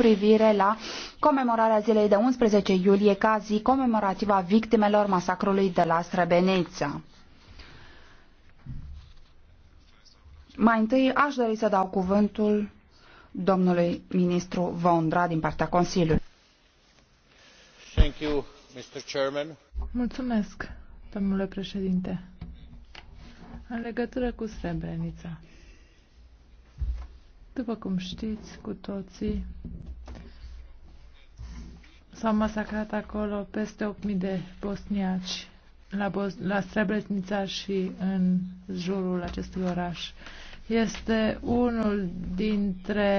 privire la comemorarea zilei de 11 iulie ca zi comemorativă a victimelor masacrului de la Srebrenica. Mai întâi aș dori să dau cuvântul domnului ministru Vondra din partea Consiliului. Thank you, Mr. Chairman. Mulțumesc, domnule președinte. În legătură cu Srebrenica. După cum știți cu toții, s-au masacrat acolo peste 8.000 de bosniaci la, Bos- la Srebrenica și în jurul acestui oraș. Este unul dintre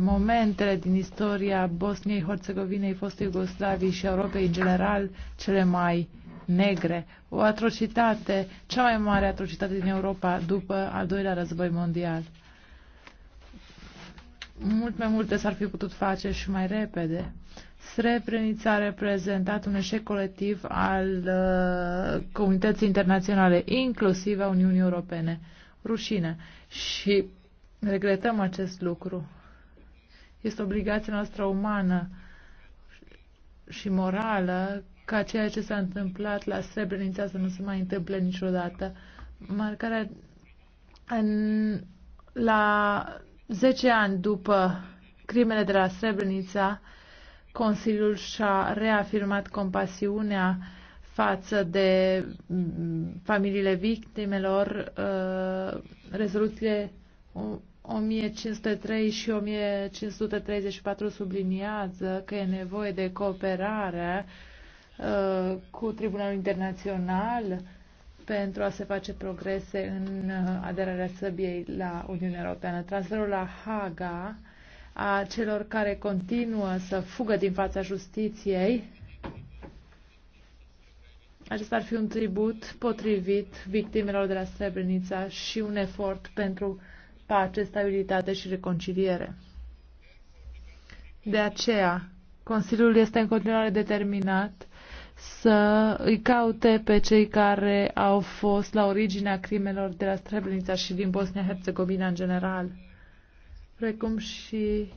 momentele din istoria Bosniei, Herțegovinei, fostei Iugoslavii și Europei în general cele mai negre. O atrocitate, cea mai mare atrocitate din Europa după al doilea război mondial. Mult mai multe s-ar fi putut face și mai repede. Srebrenica a reprezentat un eșec colectiv al uh, comunității internaționale, inclusiv a Uniunii Europene. Rușine. Și regretăm acest lucru. Este obligația noastră umană și morală ca ceea ce s-a întâmplat la Srebrenica să nu se mai întâmple niciodată. Marcarea în, la Zece ani după crimele de la Srebrenica, Consiliul și-a reafirmat compasiunea față de mm, familiile victimelor. Uh, rezoluțiile 1503 și 1534 subliniază că e nevoie de cooperare uh, cu Tribunalul Internațional pentru a se face progrese în uh, aderarea Săbiei la Uniunea Europeană. Transferul la Haga a celor care continuă să fugă din fața justiției. Acesta ar fi un tribut potrivit victimelor de la Srebrenica și un efort pentru pace, stabilitate și reconciliere. De aceea, Consiliul este în continuare determinat să îi caute pe cei care au fost la originea crimelor de la Strebrenica și din Bosnia-Herzegovina în general, precum și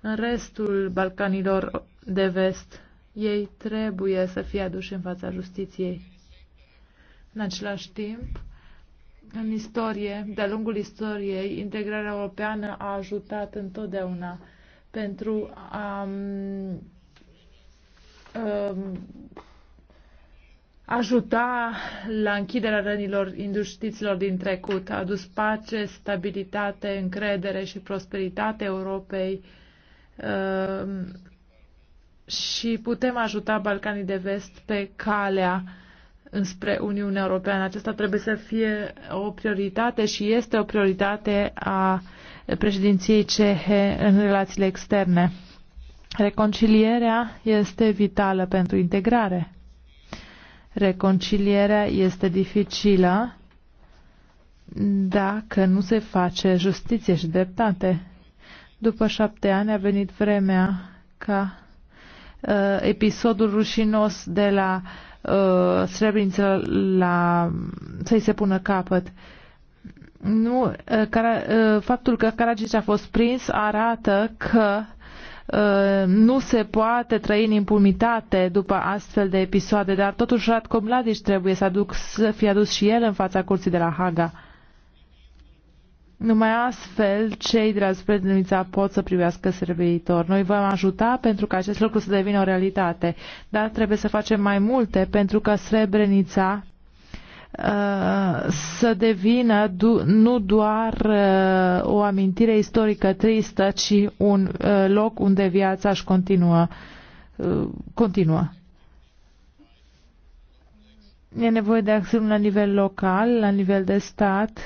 în restul Balcanilor de vest. Ei trebuie să fie aduși în fața justiției. În același timp, în istorie, de-a lungul istoriei, integrarea europeană a ajutat întotdeauna pentru a um, um, ajuta la închiderea rănilor industriților din trecut, a adus pace, stabilitate, încredere și prosperitate Europei uh, și putem ajuta Balcanii de Vest pe calea înspre Uniunea Europeană. Acesta trebuie să fie o prioritate și este o prioritate a președinției cehe în relațiile externe. Reconcilierea este vitală pentru integrare. Reconcilierea este dificilă dacă nu se face justiție și dreptate. După șapte ani a venit vremea ca uh, episodul rușinos de la uh, Srebrenica la, să-i se pună capăt. Nu, uh, cara, uh, faptul că Karadzic a fost prins arată că uh, Uh, nu se poate trăi în impunitate după astfel de episoade, dar totuși Radko Mladic trebuie să, aduc, să fie adus și el în fața curții de la Haga. Numai astfel, cei de la Srebrenica pot să privească servitor. Noi vom ajuta pentru ca acest lucru să devină o realitate, dar trebuie să facem mai multe pentru că Srebrenica Uh, să devină nu doar uh, o amintire istorică tristă, ci un uh, loc unde viața își continuă. continuă. E nevoie de acțiuni la nivel local, la nivel de stat.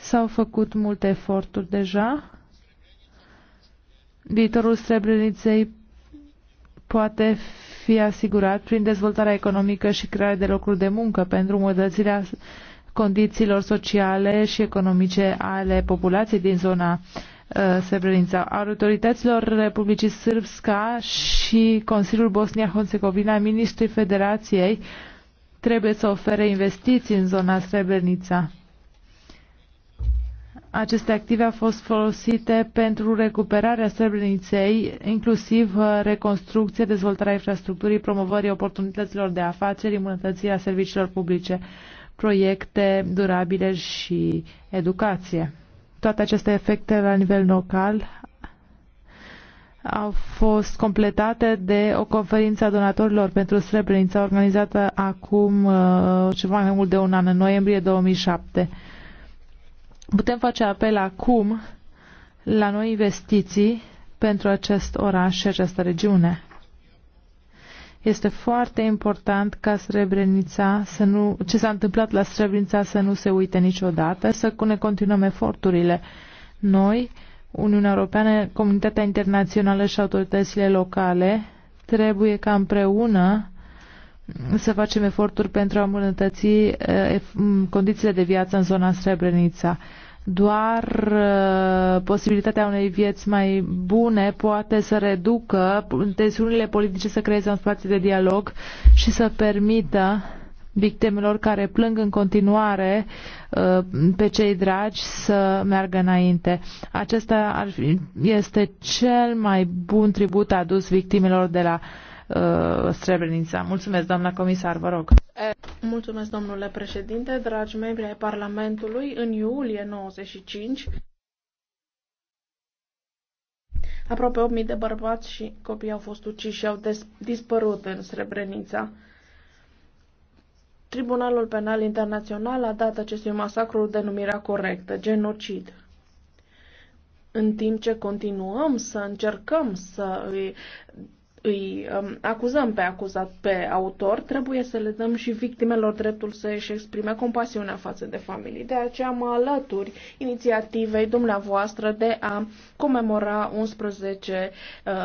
S-au făcut multe eforturi deja. Viitorul Srebrenicei poate fi asigurat prin dezvoltarea economică și crearea de locuri de muncă pentru îmbunătățirea condițiilor sociale și economice ale populației din zona uh, Severința. Autorităților Republicii Sârbska și Consiliul Bosnia-Herzegovina, ministrii Federației, trebuie să ofere investiții în zona Srebrenica aceste active au fost folosite pentru recuperarea Srebreniței, inclusiv uh, reconstrucție, dezvoltarea infrastructurii, promovării oportunităților de afaceri, îmbunătățirea serviciilor publice, proiecte durabile și educație. Toate aceste efecte la nivel local au fost completate de o conferință a donatorilor pentru Srebrenița organizată acum uh, ceva mai mult de un an, în noiembrie 2007. Putem face apel acum la noi investiții pentru acest oraș și această regiune. Este foarte important ca Srebrenica să nu, ce s-a întâmplat la Srebrenica să nu se uite niciodată, să ne continuăm eforturile. Noi, Uniunea Europeană, comunitatea internațională și autoritățile locale, trebuie ca împreună să facem eforturi pentru a îmbunătăți eh, condițiile de viață în zona Srebrenica. Doar uh, posibilitatea unei vieți mai bune poate să reducă tensiunile politice, să creeze un spațiu de dialog și să permită victimelor care plâng în continuare uh, pe cei dragi să meargă înainte. Acesta ar fi, este cel mai bun tribut adus victimelor de la uh, Srebrenica. Mulțumesc, doamna comisar, vă rog. Mulțumesc, domnule președinte, dragi membri ai Parlamentului. În iulie 95, aproape 8.000 de bărbați și copii au fost uciși și au dispărut în Srebrenica. Tribunalul Penal Internațional a dat acestui masacru denumirea corectă, genocid. În timp ce continuăm să încercăm să îi îi um, acuzăm pe acuzat, pe autor, trebuie să le dăm și victimelor dreptul să își exprime compasiunea față de familii. De aceea mă alături inițiativei dumneavoastră de a comemora 11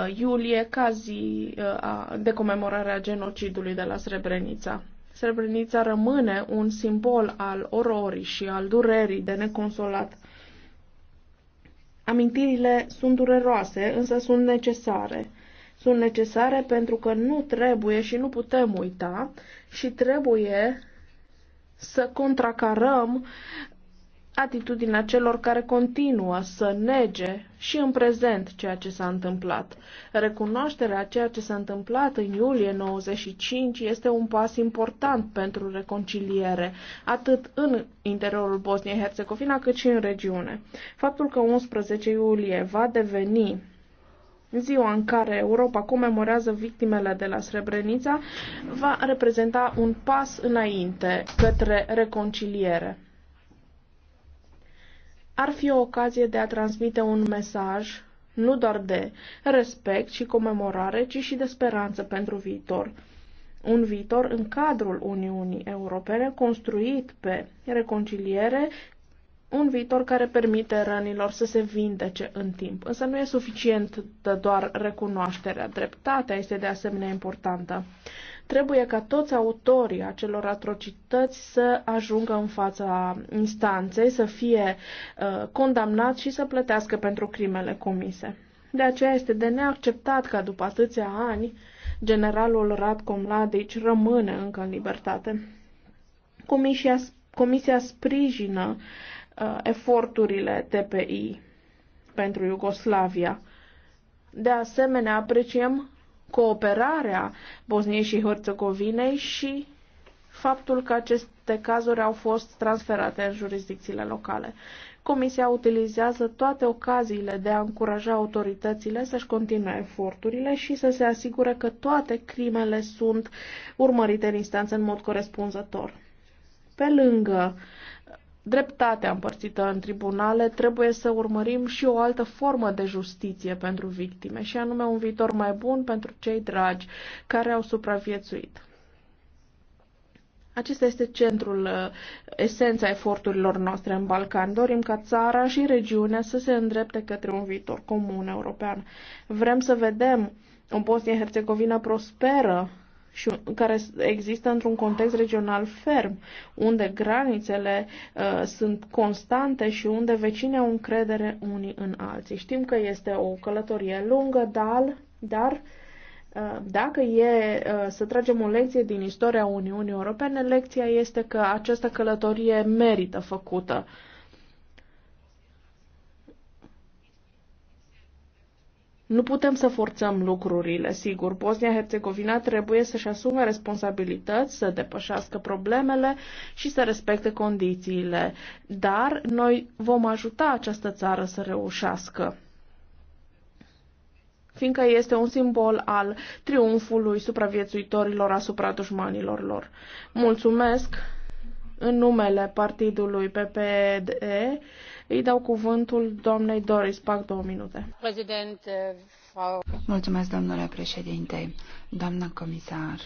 uh, iulie, ca zi uh, de comemorare a genocidului de la Srebrenica. Srebrenica rămâne un simbol al ororii și al durerii de neconsolat. Amintirile sunt dureroase, însă sunt necesare sunt necesare pentru că nu trebuie și nu putem uita și trebuie să contracarăm atitudinea celor care continuă să nege și în prezent ceea ce s-a întâmplat. Recunoașterea a ceea ce s-a întâmplat în iulie 95 este un pas important pentru reconciliere, atât în interiorul Bosniei-Herzegovina, cât și în regiune. Faptul că 11 iulie va deveni ziua în care Europa comemorează victimele de la Srebrenica, va reprezenta un pas înainte către reconciliere. Ar fi o ocazie de a transmite un mesaj nu doar de respect și comemorare, ci și de speranță pentru viitor. Un viitor în cadrul Uniunii Europene construit pe reconciliere, un viitor care permite rănilor să se vindece în timp. Însă nu e suficient de doar recunoașterea. Dreptatea este de asemenea importantă. Trebuie ca toți autorii acelor atrocități să ajungă în fața instanței, să fie uh, condamnați și să plătească pentru crimele comise. De aceea este de neacceptat ca după atâția ani generalul Radko Mladic rămâne încă în libertate. Comisia, comisia sprijină Uh, eforturile TPI pentru Iugoslavia. De asemenea, apreciem cooperarea Bosniei și Herțegovinei și faptul că aceste cazuri au fost transferate în jurisdicțiile locale. Comisia utilizează toate ocaziile de a încuraja autoritățile să-și continue eforturile și să se asigure că toate crimele sunt urmărite în instanță în mod corespunzător. Pe lângă dreptatea împărțită în tribunale, trebuie să urmărim și o altă formă de justiție pentru victime, și anume un viitor mai bun pentru cei dragi care au supraviețuit. Acesta este centrul, uh, esența eforturilor noastre în Balcan. Dorim ca țara și regiunea să se îndrepte către un viitor comun european. Vrem să vedem o Bosnia-Herzegovina prosperă și care există într-un context regional ferm, unde granițele uh, sunt constante și unde vecinii au încredere unii în alții. Știm că este o călătorie lungă, dar, dar uh, dacă e uh, să tragem o lecție din istoria Uniunii Europene, lecția este că această călătorie merită făcută. Uh, Nu putem să forțăm lucrurile, sigur. Bosnia-Herzegovina trebuie să-și asume responsabilități, să depășească problemele și să respecte condițiile. Dar noi vom ajuta această țară să reușească fiindcă este un simbol al triumfului supraviețuitorilor asupra dușmanilor lor. Mulțumesc în numele partidului PPDE îi dau cuvântul doamnei Doris Pac, două minute. Președinte, uh, Mulțumesc, domnule președinte, doamna comisar.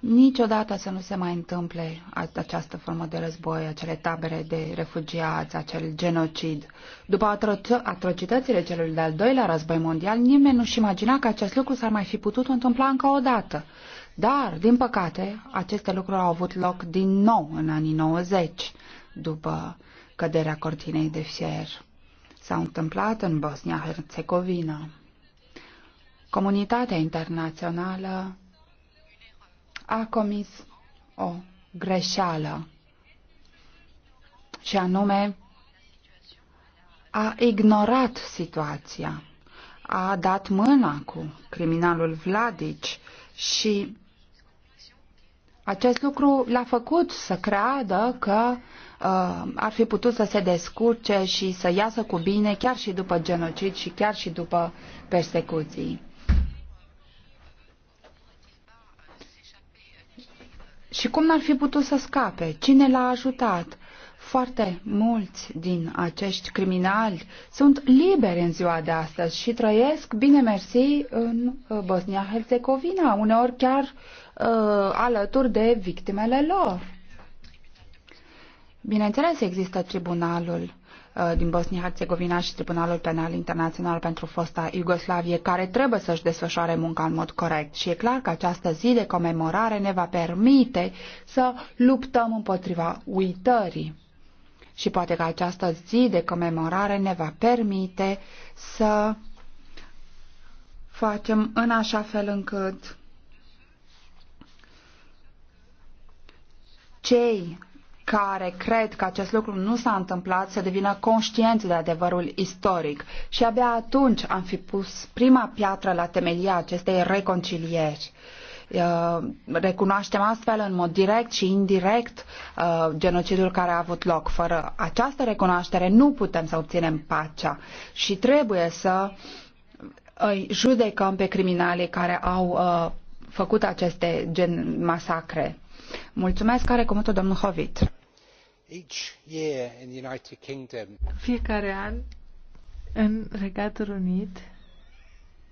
Niciodată să nu se mai întâmple această formă de război, acele tabere de refugiați, acel genocid. După atro- atrocitățile celui de-al doilea război mondial, nimeni nu-și imagina că acest lucru s-ar mai fi putut întâmpla încă o dată. Dar, din păcate, aceste lucruri au avut loc din nou în anii 90, după căderea cortinei de fier. s a întâmplat în Bosnia-Herzegovina. Comunitatea internațională a comis o greșeală și anume a ignorat situația, a dat mâna cu criminalul Vladici și acest lucru l-a făcut să creadă că Uh, ar fi putut să se descurce și să iasă cu bine chiar și după genocid și chiar și după persecuții. Și cum n-ar fi putut să scape? Cine l-a ajutat? Foarte mulți din acești criminali sunt liberi în ziua de astăzi și trăiesc, bine mersi, în uh, Bosnia-Herzegovina, uneori chiar uh, alături de victimele lor. Bineînțeles, există tribunalul uh, din Bosnia-Herzegovina și Tribunalul Penal Internațional pentru fosta Iugoslavie, care trebuie să-și desfășoare munca în mod corect. Și e clar că această zi de comemorare ne va permite să luptăm împotriva uitării. Și poate că această zi de comemorare ne va permite să facem în așa fel încât cei care cred că acest lucru nu s-a întâmplat să devină conștienți de adevărul istoric și abia atunci am fi pus prima piatră la temelia acestei reconcilieri. Uh, recunoaștem astfel în mod direct și indirect uh, genocidul care a avut loc. Fără această recunoaștere nu putem să obținem pacea și trebuie să îi judecăm pe criminalii care au uh, făcut aceste gen masacre. Mulțumesc, are cuvântul domnul Hovit. Fiecare an în Regatul Unit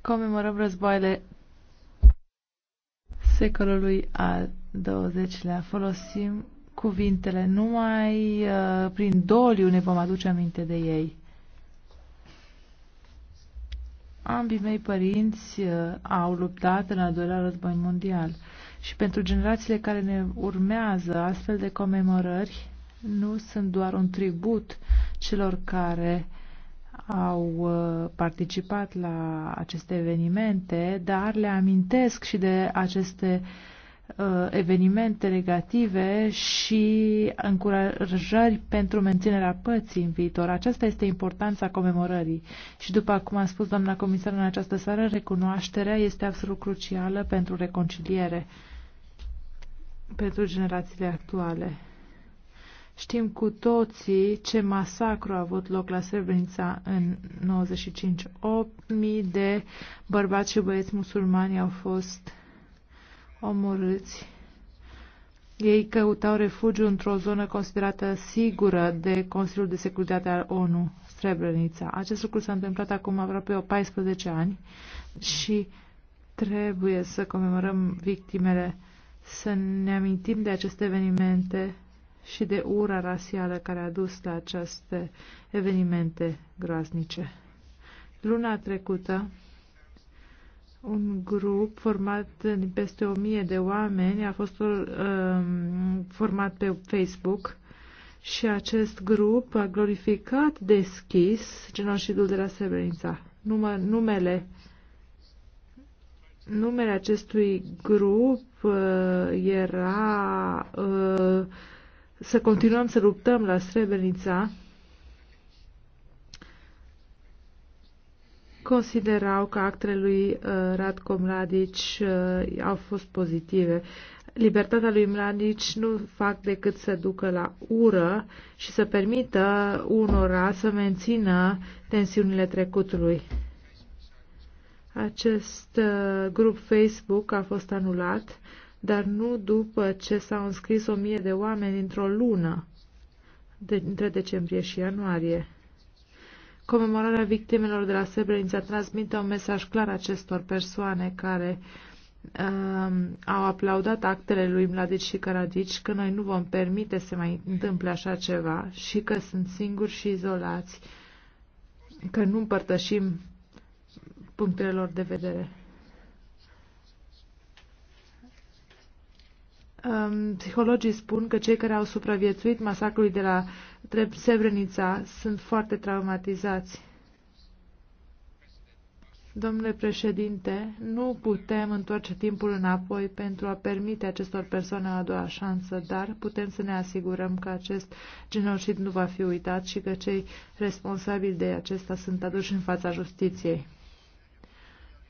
comemorăm războaiele secolului al XX-lea. Folosim cuvintele numai uh, prin doliu ne vom aduce aminte de ei. Ambii mei părinți uh, au luptat în al doilea război mondial și pentru generațiile care ne urmează astfel de comemorări nu sunt doar un tribut celor care au uh, participat la aceste evenimente, dar le amintesc și de aceste uh, evenimente negative și încurajări pentru menținerea pății în viitor. Aceasta este importanța comemorării. Și după cum a spus doamna comisar în această seară, recunoașterea este absolut crucială pentru reconciliere, pentru generațiile actuale. Știm cu toții ce masacru a avut loc la Srebrenica în 95. 8.000 de bărbați și băieți musulmani au fost omorâți. Ei căutau refugiu într-o zonă considerată sigură de Consiliul de Securitate al ONU, Srebrenica. Acest lucru s-a întâmplat acum aproape 14 ani și trebuie să comemorăm victimele, să ne amintim de aceste evenimente și de ura rasială care a dus la aceste evenimente groaznice. Luna trecută, un grup format din peste o mie de oameni a fost um, format pe Facebook și acest grup a glorificat deschis genocidul de la Srebrenica. Numă, numele numele acestui grup uh, era uh, să continuăm să luptăm la Srebrenica, considerau că actele lui uh, Radko Mladic uh, au fost pozitive. Libertatea lui Mladic nu fac decât să ducă la ură și să permită unora să mențină tensiunile trecutului. Acest uh, grup Facebook a fost anulat dar nu după ce s-au înscris o mie de oameni într-o lună, de, între decembrie și ianuarie. Comemorarea victimelor de la Srebrenica transmite un mesaj clar acestor persoane care um, au aplaudat actele lui Mladic și Caradici că noi nu vom permite să mai întâmple așa ceva și că sunt singuri și izolați, că nu împărtășim punctele lor de vedere. Psihologii spun că cei care au supraviețuit masacrului de la Srebrenica sunt foarte traumatizați. Domnule președinte, nu putem întoarce timpul înapoi pentru a permite acestor persoane a doua șansă, dar putem să ne asigurăm că acest genocid nu va fi uitat și că cei responsabili de acesta sunt aduși în fața justiției.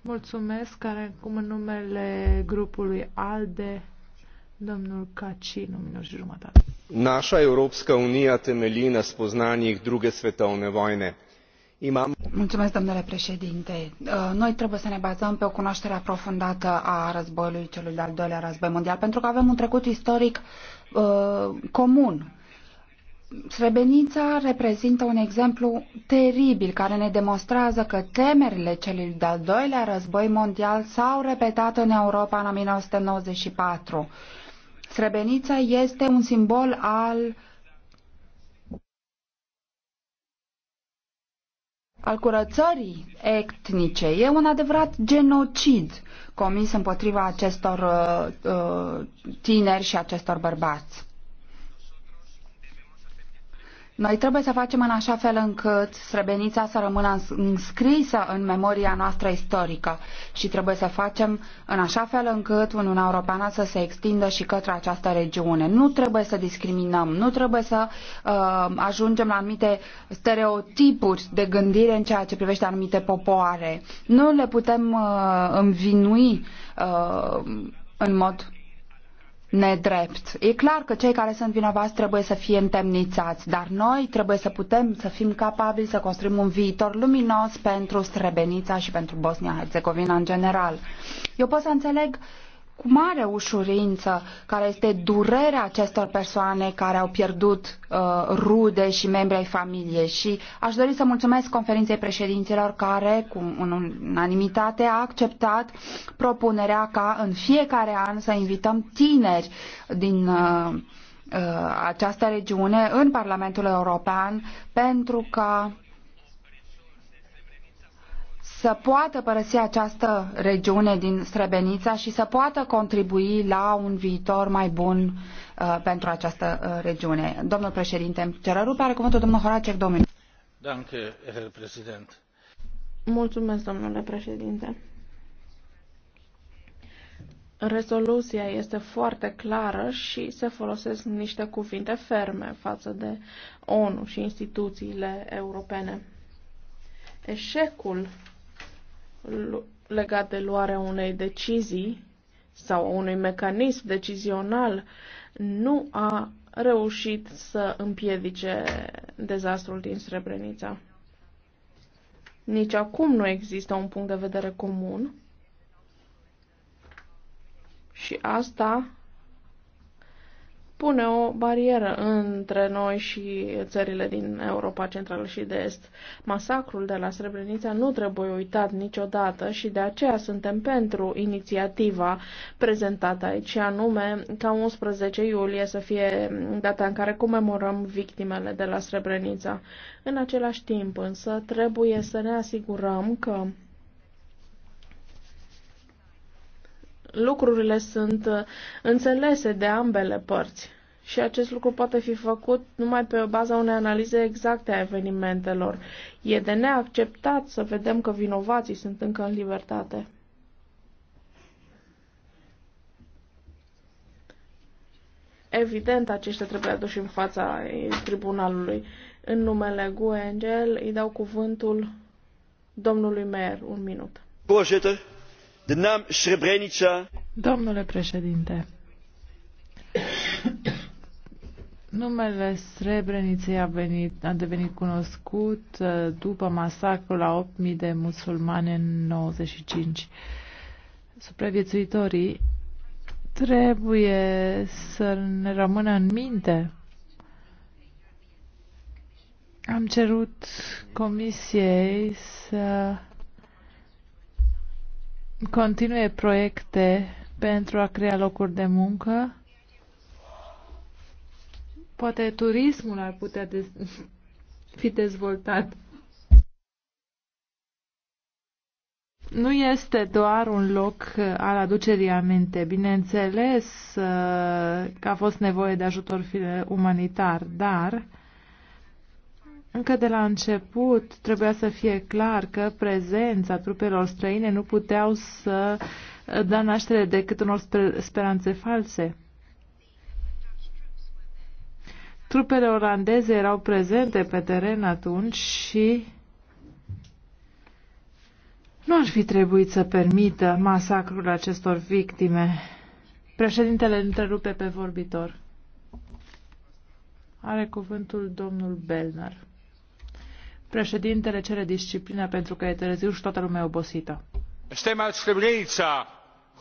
Mulțumesc, care cum în numele grupului ALDE Domnul Kacin, un minut și jumătate. Naša Europska unija temelji na spoznanjih druge svetovne vojne. Imam... Mulțumesc, domnule președinte. Uh, noi trebuie să ne bazăm pe o cunoaștere aprofundată a războiului celui de-al doilea război mondial, pentru că avem un trecut istoric uh, comun Srebrenica reprezintă un exemplu teribil care ne demonstrează că temerile celui de-al doilea război mondial s-au repetat în Europa în 1994. Srebrenica este un simbol al al curățării etnice. E un adevărat genocid comis împotriva acestor uh, uh tineri și acestor bărbați. Noi trebuie să facem în așa fel încât Srebrenica să rămână înscrisă în memoria noastră istorică și trebuie să facem în așa fel încât Uniunea Europeană să se extindă și către această regiune. Nu trebuie să discriminăm, nu trebuie să uh, ajungem la anumite stereotipuri de gândire în ceea ce privește anumite popoare. Nu le putem uh, învinui uh, în mod nedrept. E clar că cei care sunt vinovați trebuie să fie întemnițați, dar noi trebuie să putem să fim capabili să construim un viitor luminos pentru Srebrenica și pentru Bosnia-Herzegovina în general. Eu pot să înțeleg cu mare ușurință care este durerea acestor persoane care au pierdut uh, rude și membri ai familiei. Și aș dori să mulțumesc conferinței președinților care, cu unanimitate, a acceptat propunerea ca în fiecare an să invităm tineri din uh, uh, această regiune în Parlamentul European pentru ca să poată părăsi această regiune din Srebrenica și să poată contribui la un viitor mai bun uh, pentru această uh, regiune. Domnul președinte, îmi pe are cuvântul domnul Horacek, domnul. Danke, Herr Präsident. Mulțumesc, domnule președinte. Rezoluția este foarte clară și se folosesc niște cuvinte ferme față de ONU și instituțiile europene eșecul legat de luarea unei decizii sau unui mecanism decizional nu a reușit să împiedice dezastrul din Srebrenica. Nici acum nu există un punct de vedere comun și asta pune o barieră între noi și țările din Europa Centrală și de Est. Masacrul de la Srebrenica nu trebuie uitat niciodată și de aceea suntem pentru inițiativa prezentată aici, anume ca 11 iulie să fie data în care comemorăm victimele de la Srebrenica. În același timp însă trebuie să ne asigurăm că lucrurile sunt uh, înțelese de ambele părți. Și acest lucru poate fi făcut numai pe baza unei analize exacte a evenimentelor. E de neacceptat să vedem că vinovații sunt încă în libertate. Evident, aceștia trebuie aduși în fața tribunalului. În numele Guengel Angel îi dau cuvântul domnului Mer. Un minut. Voorzitter, Domnule președinte, numele srebrenicei a, venit, a devenit cunoscut uh, după masacrul la 8.000 de musulmani în 95. Supraviețuitorii trebuie să ne rămână în minte am cerut Comisiei să continue proiecte pentru a crea locuri de muncă. Poate turismul ar putea de- fi dezvoltat. nu este doar un loc uh, al aducerii aminte. Bineînțeles uh, că a fost nevoie de ajutor umanitar, dar încă de la început trebuia să fie clar că prezența trupelor străine nu puteau să dea naștere decât unor speranțe false. Trupele olandeze erau prezente pe teren atunci și nu ar fi trebuit să permită masacrul acestor victime. Președintele întrerupe pe vorbitor. Are cuvântul domnul Belnar. Președintele cere disciplină pentru că e târziu și toată lumea e obosită. Stem uit Srebrenica.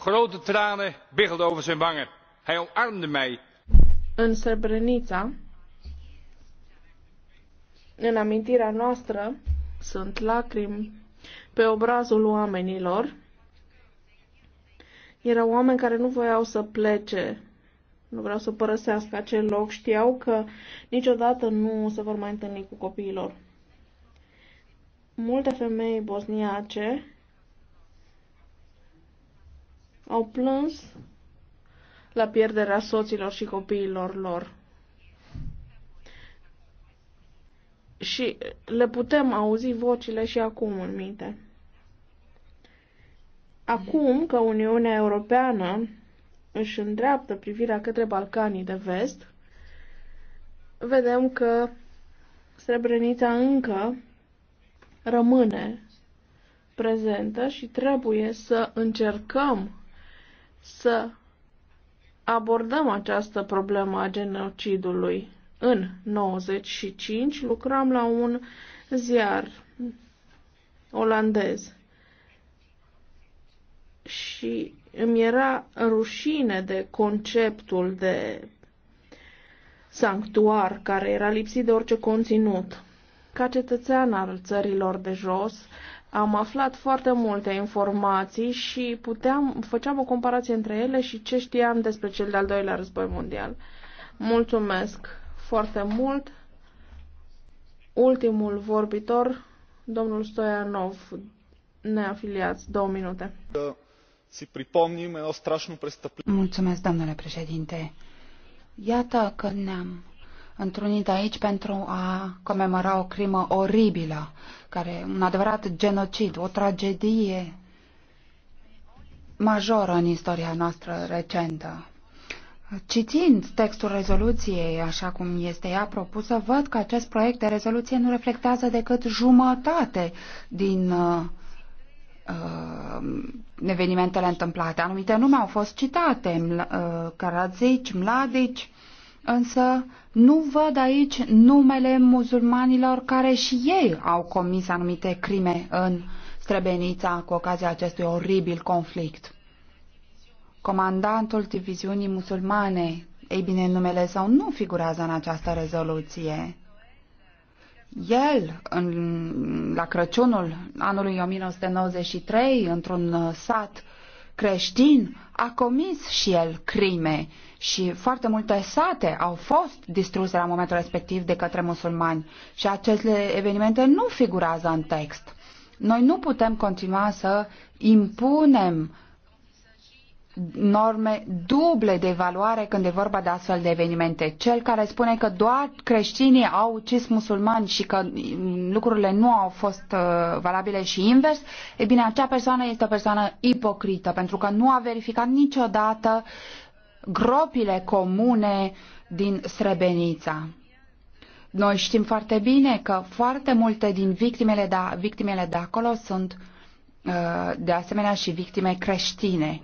Grote tranen biggelden over zijn wangen. Hij omarmde mij. În Srebrenica, în amintirea noastră, sunt lacrimi pe obrazul oamenilor. Erau oameni care nu voiau să plece nu vreau să părăsească acel loc, știau că niciodată nu se vor mai întâlni cu copiilor multe femei bosniace au plâns la pierderea soților și copiilor lor. Și le putem auzi vocile și acum în minte. Acum că Uniunea Europeană își îndreaptă privirea către Balcanii de vest, vedem că Srebrenica încă rămâne prezentă și trebuie să încercăm să abordăm această problemă a genocidului. În 95 lucram la un ziar olandez și îmi era rușine de conceptul de sanctuar care era lipsit de orice conținut. Ca cetățean al țărilor de jos, am aflat foarte multe informații și puteam, făceam o comparație între ele și ce știam despre cel de-al doilea război mondial. Mulțumesc foarte mult. Ultimul vorbitor, domnul Stoianov, neafiliați, două minute. Mulțumesc, domnule președinte. Iată că ne-am întrunit aici pentru a comemora o crimă oribilă, care un adevărat genocid, o tragedie majoră în istoria noastră recentă. Citind textul rezoluției așa cum este ea propusă, văd că acest proiect de rezoluție nu reflectează decât jumătate din uh, uh, evenimentele întâmplate. Anumite nume au fost citate, uh, Karadzic, Mladic, însă nu văd aici numele musulmanilor care și ei au comis anumite crime în Srebrenica cu ocazia acestui oribil conflict. Comandantul diviziunii musulmane, ei bine, numele său nu figurează în această rezoluție. El, în, la Crăciunul anului 1993, într-un sat creștin, a comis și el crime și foarte multe sate au fost distruse la momentul respectiv de către musulmani și aceste evenimente nu figurează în text. Noi nu putem continua să impunem norme duble de evaluare când e vorba de astfel de evenimente. Cel care spune că doar creștinii au ucis musulmani și că mm, lucrurile nu au fost uh, valabile și invers, e bine, acea persoană este o persoană ipocrită pentru că nu a verificat niciodată uh, gropile comune din Srebrenica. Noi știm foarte bine că foarte multe din victimele de, da, victimele de acolo sunt uh, de asemenea și victime creștine.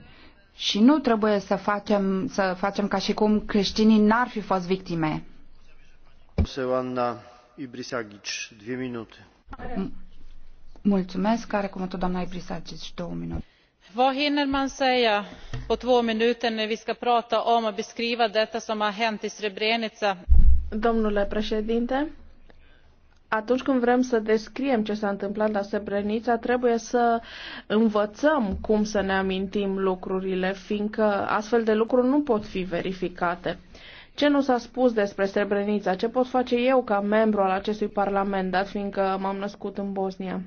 Și nu trebuie să facem, să facem ca și cum creștinii n-ar fi fost victime. Anna Ibrisagic, două minute. Mulțumesc, are cuvântul doamna Ibrisagic, două minute vad hinner man säga på två minuter när vi ska prata om och beskriva detta som har hänt i Srebrenica? Domnule președinte, atunci când vrem să descriem ce s-a întâmplat la Srebrenica, trebuie să învățăm cum să ne amintim lucrurile, fiindcă astfel de lucruri nu pot fi verificate. Ce nu s-a spus despre Srebrenica? Ce pot face eu ca membru al acestui parlament, dat fiindcă m-am născut în Bosnia?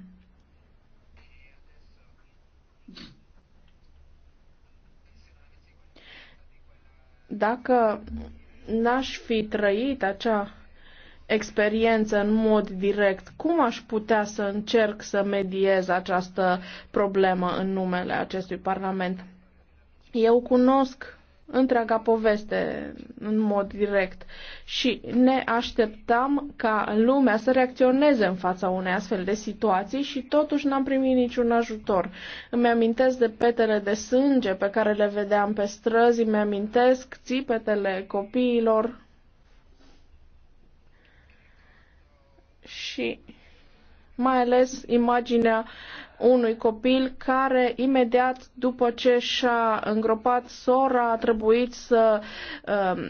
Dacă n-aș fi trăit acea experiență în mod direct, cum aș putea să încerc să mediez această problemă în numele acestui Parlament? Eu cunosc întreaga poveste în mod direct și ne așteptam ca lumea să reacționeze în fața unei astfel de situații și totuși n-am primit niciun ajutor. Îmi amintesc de petele de sânge pe care le vedeam pe străzi, îmi amintesc țipetele copiilor și mai ales imaginea unui copil care imediat după ce și-a îngropat sora a trebuit să um,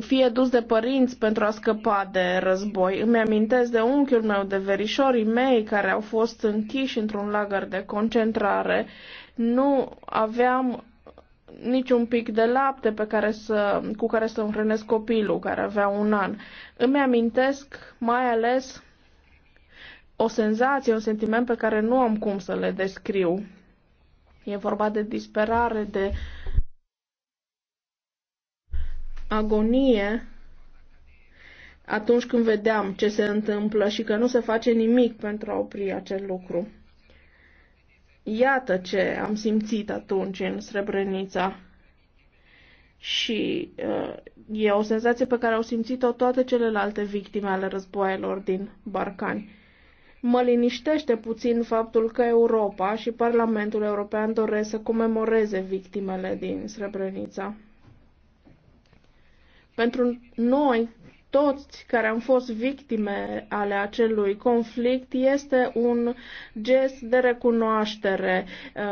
fie dus de părinți pentru a scăpa de război. Îmi amintesc de unchiul meu, de verișorii mei care au fost închiși într-un lagăr de concentrare. Nu aveam niciun pic de lapte pe care să, cu care să îmi hrănesc copilul care avea un an. Îmi amintesc mai ales o senzație, un sentiment pe care nu am cum să le descriu. E vorba de disperare, de agonie atunci când vedeam ce se întâmplă și că nu se face nimic pentru a opri acel lucru. Iată ce am simțit atunci în Srebrenița. Și uh, e o senzație pe care au simțit-o toate celelalte victime ale războaielor din Barcani. Mă liniștește puțin faptul că Europa și Parlamentul European doresc să comemoreze victimele din Srebrenica. Pentru noi, toți care am fost victime ale acelui conflict este un gest de recunoaștere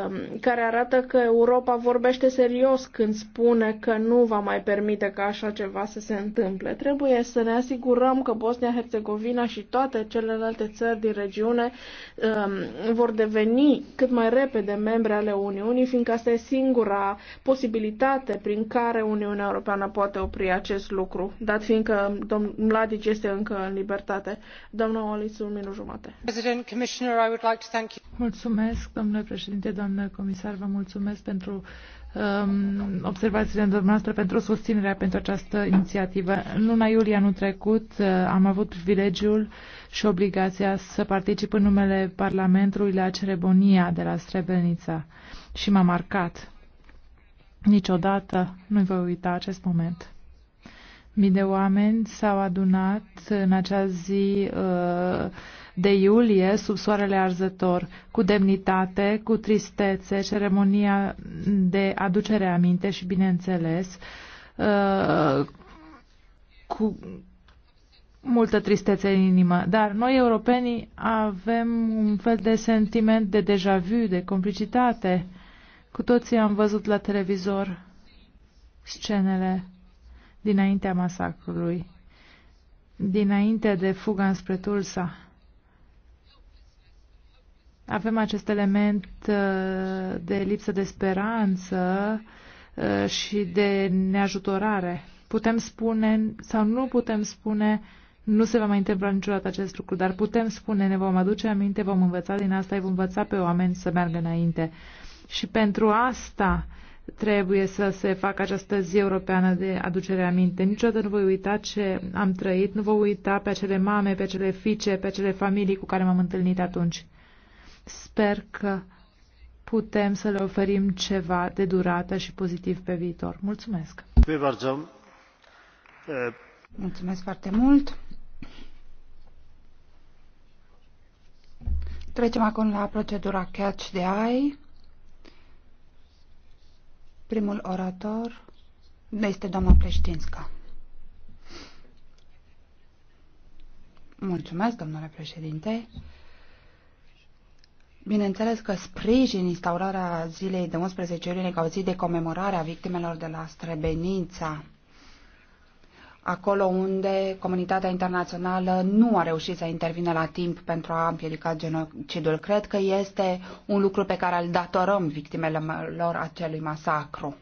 um, care arată că Europa vorbește serios când spune că nu va mai permite ca așa ceva să se întâmple. Trebuie să ne asigurăm că Bosnia-Herzegovina și toate celelalte țări din regiune um, vor deveni cât mai repede membre ale Uniunii, fiindcă asta e singura posibilitate prin care Uniunea Europeană poate opri acest lucru, dat fiindcă domnul Mladic este încă în libertate. Domnul Olis, un minut jumate. Mulțumesc, domnule președinte, doamnă comisar, vă mulțumesc pentru um, observațiile dumneavoastră, pentru susținerea pentru această inițiativă. În luna iulie anul trecut uh, am avut privilegiul și obligația să particip în numele Parlamentului la ceremonia de la Srebrenica și m-a marcat. Niciodată nu voi uita acest moment. Mii de oameni s-au adunat în acea zi uh, de iulie sub soarele arzător, cu demnitate, cu tristețe, ceremonia de aducere a aminte și, bineînțeles, uh, cu multă tristețe în inimă. Dar noi, europenii, avem un fel de sentiment de deja vu, de complicitate. Cu toții am văzut la televizor scenele dinaintea masacrului, dinainte de fuga înspre Tulsa. Avem acest element uh, de lipsă de speranță uh, și de neajutorare. Putem spune sau nu putem spune nu se va mai întâmpla niciodată acest lucru, dar putem spune, ne vom aduce aminte, vom învăța din asta, îi vom învăța pe oameni să meargă înainte. Și pentru asta trebuie să se facă această zi europeană de aducere a minte. Niciodată nu voi uita ce am trăit, nu voi uita pe acele mame, pe acele fiice, pe acele familii cu care m-am întâlnit atunci. Sper că putem să le oferim ceva de durată și pozitiv pe viitor. Mulțumesc! Mulțumesc foarte mult! Trecem acum la procedura catch the eye. Primul orator este doamna Pleștinska. Mulțumesc, domnule președinte. Bineînțeles că sprijin instaurarea zilei de 11 iulie ca o zi de comemorare a victimelor de la Strebenința acolo unde comunitatea internațională nu a reușit să intervină la timp pentru a împiedica genocidul. Cred că este un lucru pe care îl datorăm victimelor acelui masacru.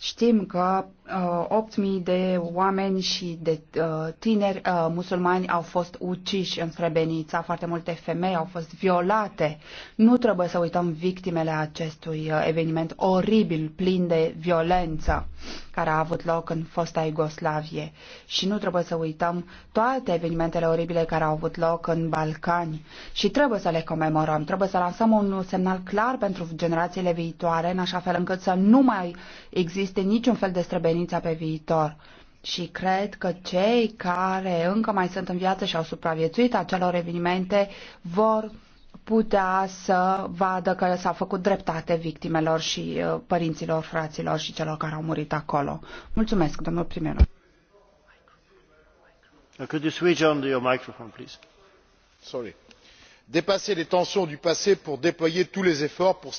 Știm că uh, 8.000 de oameni și de uh, tineri uh, musulmani au fost uciși în Srebrenica, foarte multe femei au fost violate. Nu trebuie să uităm victimele acestui uh, eveniment oribil, plin de violență, care a avut loc în fosta Iugoslavie. Și nu trebuie să uităm toate evenimentele oribile care au avut loc în Balcani. Și trebuie să le comemorăm, trebuie să lansăm un semnal clar pentru generațiile viitoare, în așa fel încât să nu mai există existe niciun fel de străbenință pe viitor. Și cred că cei care încă mai sunt în viață și au supraviețuit acelor evenimente vor putea să vadă că s-a făcut dreptate victimelor și uh, părinților, fraților și celor care au murit acolo. Mulțumesc, domnul primar. Uh, could you switch on your microphone, please? Sorry dépasser les tensions du passé pour déployer tous les efforts pour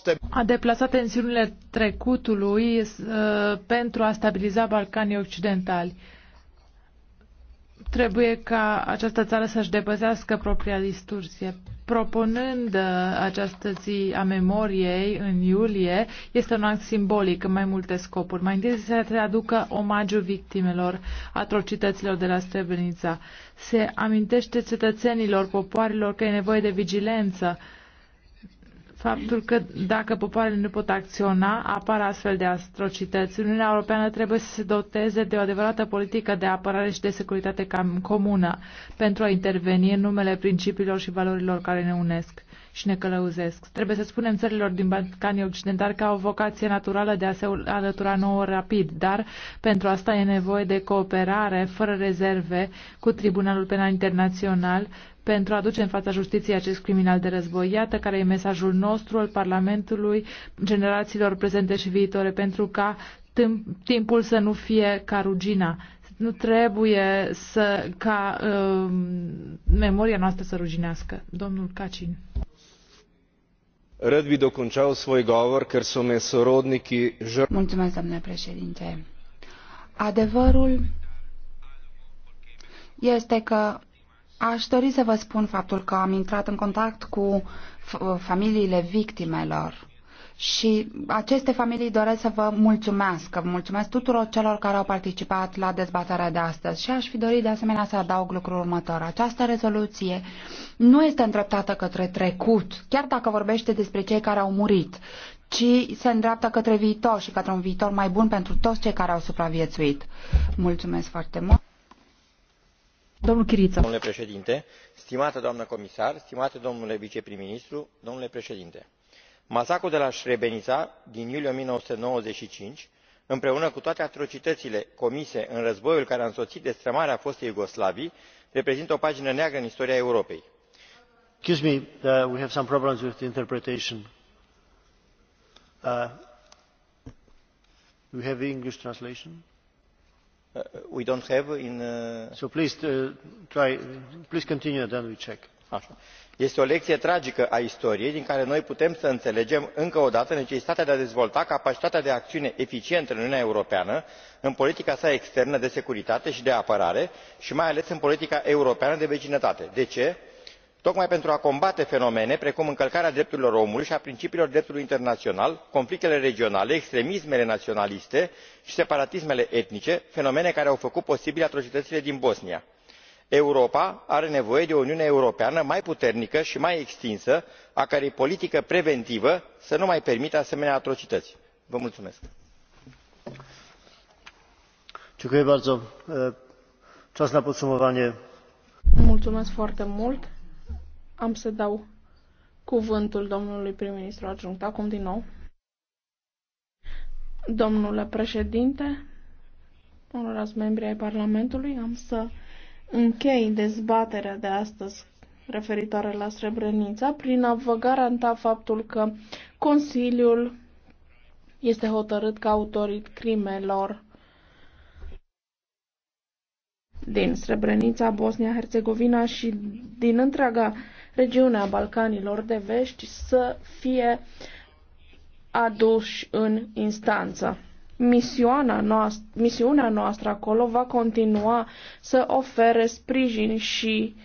a tensiunile trecutului uh, pentru a stabiliza Balcanii Occidentali. Trebuie ca această țară să-și depăzească propria distorsie. Propunând uh, această zi a memoriei în iulie, este un act simbolic în mai multe scopuri. Mai întâi se traducă omagiu victimelor atrocităților de la Srebrenica. Se amintește cetățenilor, popoarilor că e nevoie de vigilență, faptul că dacă popoarele nu pot acționa, apar astfel de atrocități. Uniunea Europeană trebuie să se doteze de o adevărată politică de apărare și de securitate comună pentru a interveni în numele principiilor și valorilor care ne unesc și ne călăuzesc. Trebuie să spunem țărilor din Balcanii Occidentali că au o vocație naturală de a se alătura nouă rapid, dar pentru asta e nevoie de cooperare fără rezerve cu Tribunalul Penal Internațional pentru a aduce în fața justiției acest criminal de război. Iată care e mesajul nostru al Parlamentului, generațiilor prezente și viitoare, pentru ca timpul să nu fie ca rugina. Nu trebuie să, ca uh, memoria noastră să ruginească. Domnul Cacin. Rad bi dokončal svoj govor, ker so me sorodniki žr... Mulțumesc, domnule președinte. Adevărul este că Aș dori să vă spun faptul că am intrat în contact cu familiile victimelor și aceste familii doresc să vă mulțumesc, că vă mulțumesc tuturor celor care au participat la dezbaterea de astăzi și aș fi dorit de asemenea să adaug lucrul următor. Această rezoluție nu este îndreptată către trecut, chiar dacă vorbește despre cei care au murit, ci se îndreaptă către viitor și către un viitor mai bun pentru toți cei care au supraviețuit. Mulțumesc foarte mult! domnule președinte stimată doamnă comisar stimate domnule viceprim ministru domnule președinte masacrul de la srebrenica din iulie o mie nouă sute nouăzeci și cinci împreună cu toate atrocitățile comise în războiul care a însoțit destrămarea fostei iugoslavii reprezintă o pagină neagră în istoria europei. Uh, we don't have in uh, so please uh, try please continue then we check este o lecție tragică a istoriei din care noi putem să înțelegem încă o dată necesitatea de a dezvolta capacitatea de acțiune eficientă în uniunea europeană în politica sa externă de securitate și de apărare și mai ales în politica europeană de vecinătate. de ce? tocmai pentru a combate fenomene precum încălcarea drepturilor omului și a principiilor dreptului internațional conflictele regionale extremismele naționaliste și separatismele etnice fenomene care au făcut posibile atrocitățile din bosnia. europa are nevoie de o uniune europeană mai puternică și mai extinsă a cărei politică preventivă să nu mai permită asemenea atrocități. vă mulțumesc. mulțumesc foarte mult. Am să dau cuvântul domnului prim-ministru adjunct. Acum din nou. Domnule președinte, onorați membri ai Parlamentului, am să închei dezbaterea de astăzi referitoare la Srebrenița prin a vă garanta faptul că Consiliul este hotărât ca autorit crimelor din Srebrenița, Bosnia, Herțegovina și din întreaga regiunea Balcanilor de Vești să fie aduși în instanță. Misiunea noastră, misiunea noastră acolo va continua să ofere sprijin și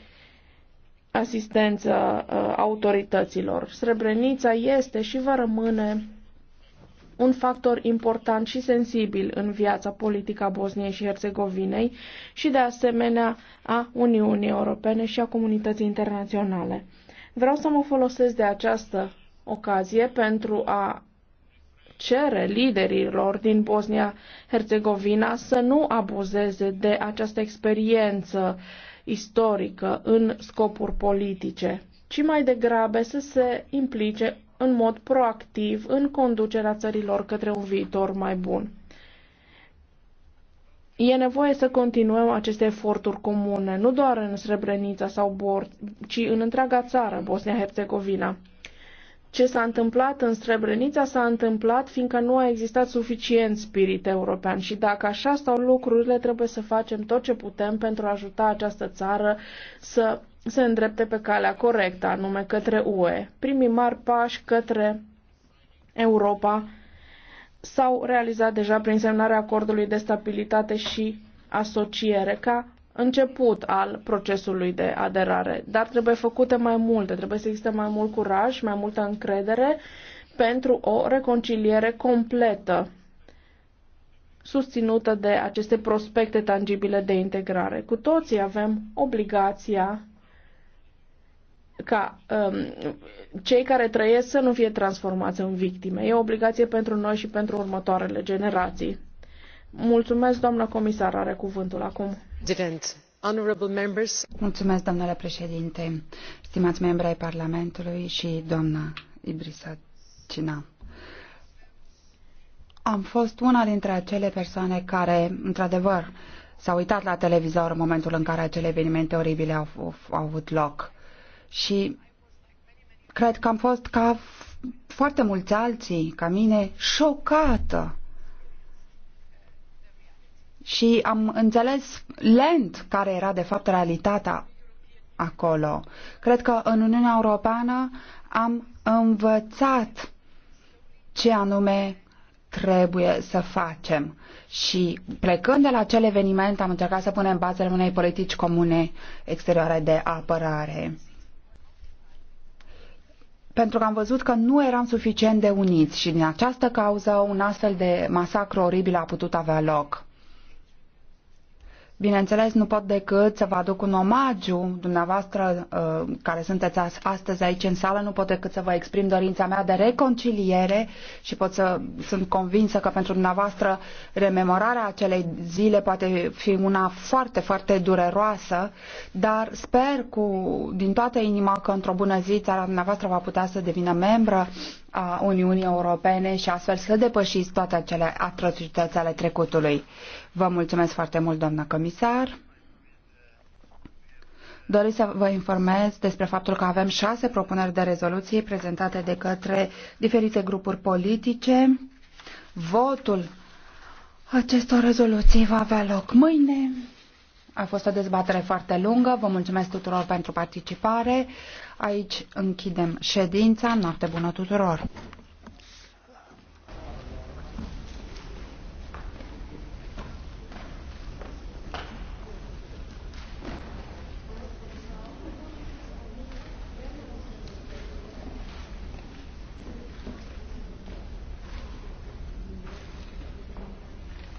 asistență uh, autorităților. Srebrenica este și va rămâne un factor important și sensibil în viața politică a Bosniei și Herțegovinei și de asemenea a Uniunii Europene și a comunității internaționale. Vreau să mă folosesc de această ocazie pentru a cere liderilor din Bosnia-Herzegovina să nu abuzeze de această experiență istorică în scopuri politice, ci mai degrabă să se implice în mod proactiv în conducerea țărilor către un viitor mai bun. E nevoie să continuăm aceste eforturi comune, nu doar în Srebrenica sau Bor, ci în întreaga țară, Bosnia-Herzegovina. Ce s-a întâmplat în Srebrenica s-a întâmplat fiindcă nu a existat suficient spirit european și dacă așa stau lucrurile, trebuie să facem tot ce putem pentru a ajuta această țară să se îndrepte pe calea corectă, anume către UE. Primii mari pași către Europa s-au realizat deja prin semnarea acordului de stabilitate și asociere ca început al procesului de aderare, dar trebuie făcute mai multe, trebuie să existe mai mult curaj, mai multă încredere pentru o reconciliere completă susținută de aceste prospecte tangibile de integrare. Cu toții avem obligația ca um, cei care trăiesc să nu fie transformați în victime. E o obligație pentru noi și pentru următoarele generații. Mulțumesc, doamna comisar, are cuvântul acum. Dident. Mulțumesc, domnule președinte, stimați membri ai Parlamentului și doamna Ibrisa Cina. Am fost una dintre acele persoane care, într-adevăr, s au uitat la televizor în momentul în care acele evenimente oribile au, au, au avut loc. Și cred că am fost ca foarte mulți alții, ca mine, șocată. Și am înțeles lent care era de fapt realitatea acolo. Cred că în Uniunea Europeană am învățat ce anume trebuie să facem. Și plecând de la acel eveniment am încercat să punem bazele unei politici comune exterioare de apărare pentru că am văzut că nu eram suficient de uniți și din această cauză un astfel de masacru oribil a putut avea loc. Bineînțeles, nu pot decât să vă aduc un omagiu dumneavoastră uh, care sunteți astăzi aici în sală, nu pot decât să vă exprim dorința mea de reconciliere și pot să sunt convinsă că pentru dumneavoastră rememorarea acelei zile poate fi una foarte, foarte dureroasă, dar sper cu din toată inima că într-o bună zi țara dumneavoastră va putea să devină membră a Uniunii Europene și astfel să depășiți toate acele atrocități ale trecutului. Vă mulțumesc foarte mult, doamna comisar. Doresc să vă informez despre faptul că avem șase propuneri de rezoluție prezentate de către diferite grupuri politice. Votul acestor rezoluții va avea loc mâine. A fost o dezbatere foarte lungă. Vă mulțumesc tuturor pentru participare. Aici închidem ședința. Noapte bună tuturor!